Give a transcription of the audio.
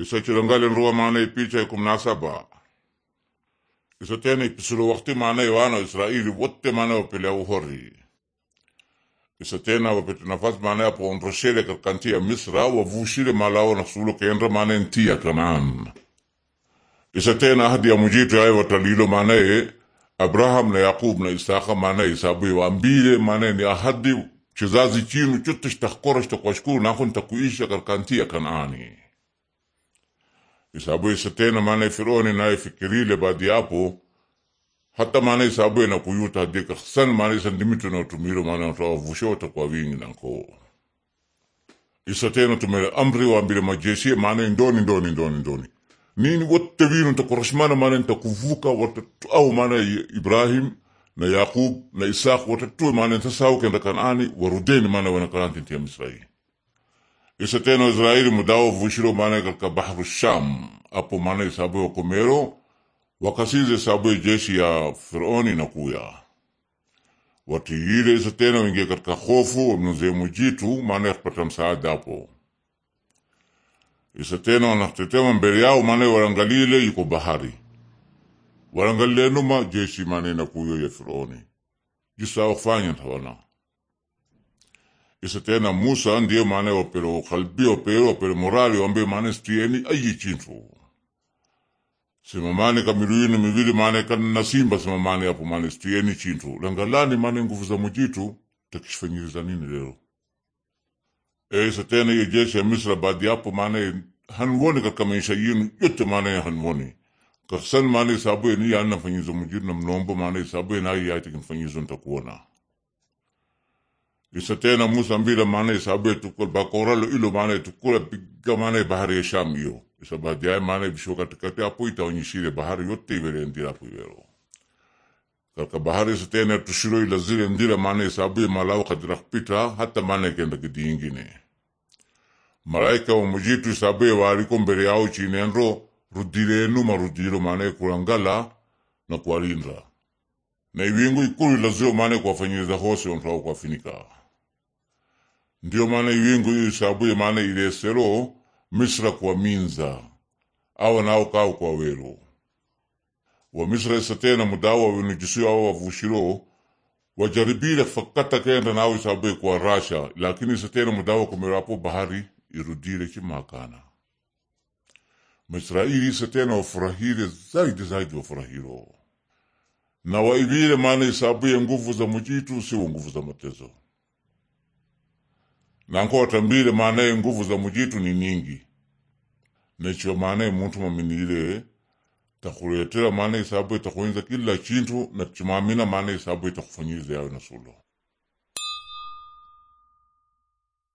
isa isachilangale nrua maana ipicha ikumnasaba isa tena ipisulo wakti maana iwana Israeli wote maana wapelea uhori isa tena wapete nafasi maana yapo katika karkanti ya Misra wavushile malao na sulo kendra maana nti ya Kanaan isa tena ahadi ya mujitu yae watalilo maanaye Abraham na Yaqub na Isaka maanaye isabu iwaambile maanaye ni ahadi chizazi chinu chote shtakora shtakwashukuru nakhontakuisha katika nti ya Kanaani isabu isa tena manai fir'oni nae fikirile baadi yapo hata maana isabue na kuyuta hadika sana maana isa ndimitu na utumiro maana utawavushoota kwa wingi nanko isa tena tumele amri waambile majeshi maana ndoni ndoni ndoni ndoni nini wote winu ntakurashimana maana ntakuvuka au maana Ibrahim na Yaqub na Isaq watatue maana ntasauke nda Kanaani warudeni maana wanakaranti ntia Misraeli Isateno Israeli mudao vushiro maana katika bahru Sham apo maana sabu ya komero wakasize sabu jeshi ya fironi na kuya watiyile tena wingie katika hofu wamnuze mujitu maana yakapata msaada apo tena wanatetema mbele yao maana warangalile yuko bahari warangalile numa jeshi maana na kuyo ya Fironi jisa kufanya tawana Isa tena Musa ndiye maana wapero kalbi wapero wapero morali wambe maana stieni ayi chintu. Sema maana kamiruini mivili maana kana nasimba sema maana hapo maana stieni chintu. Langalani maana nguvu za mujitu takishifanyiriza nini leo? E isa tena ye jeshi ya Misra baadhi hapo maana hanwoni katika maisha yenu yote maana ya hanuoni. Kasan maana isabu ni yana fanyizo mujitu na mnombo maana isabu na yati kimfanyizo ntakuona isatena musa mbila mane maana isabe tukul bakoralo ilo maana itukula piga maana bahari ya Shamu iyo isabadiae maana bisho katikati apo itaonyeshile bahari yote ivelendila apo ivelo karka bahari isatena tushiro ila zile ndila maana isabe malawa kadira kupita hata mane kenda kidi ingine malaika wa mujitu isabe waliko mbele yao chinenro rudilenu marudilo mane kurangala na kuwalinda na iwingu ikulu ilazio maana kuwafanyiriza hose ontao kuwafinika Ndiyo maana iwingu iyo isabuye maana ilesero Misra kwa minza awa nao kao kwa welo wa Misra isatena mudawa wenujisiyo awa wavushiro wajaribile fakata kenda nao isabuye kwa Rasha lakini isatena mudawa kumerapo bahari irudile kimakana Misraili isatena wafurahile zaidi zaidi wafurahilo na waibile maana isabuye nguvu za mujitu siwo nguvu za matezo maana maanaye nguvu za mujitu ni nyingi necho maanaye muntu maminile takuretera maanaye sababu itakuinza kila chintu nachimamina maanaye sababu itakufanyiriza yawe na suluhu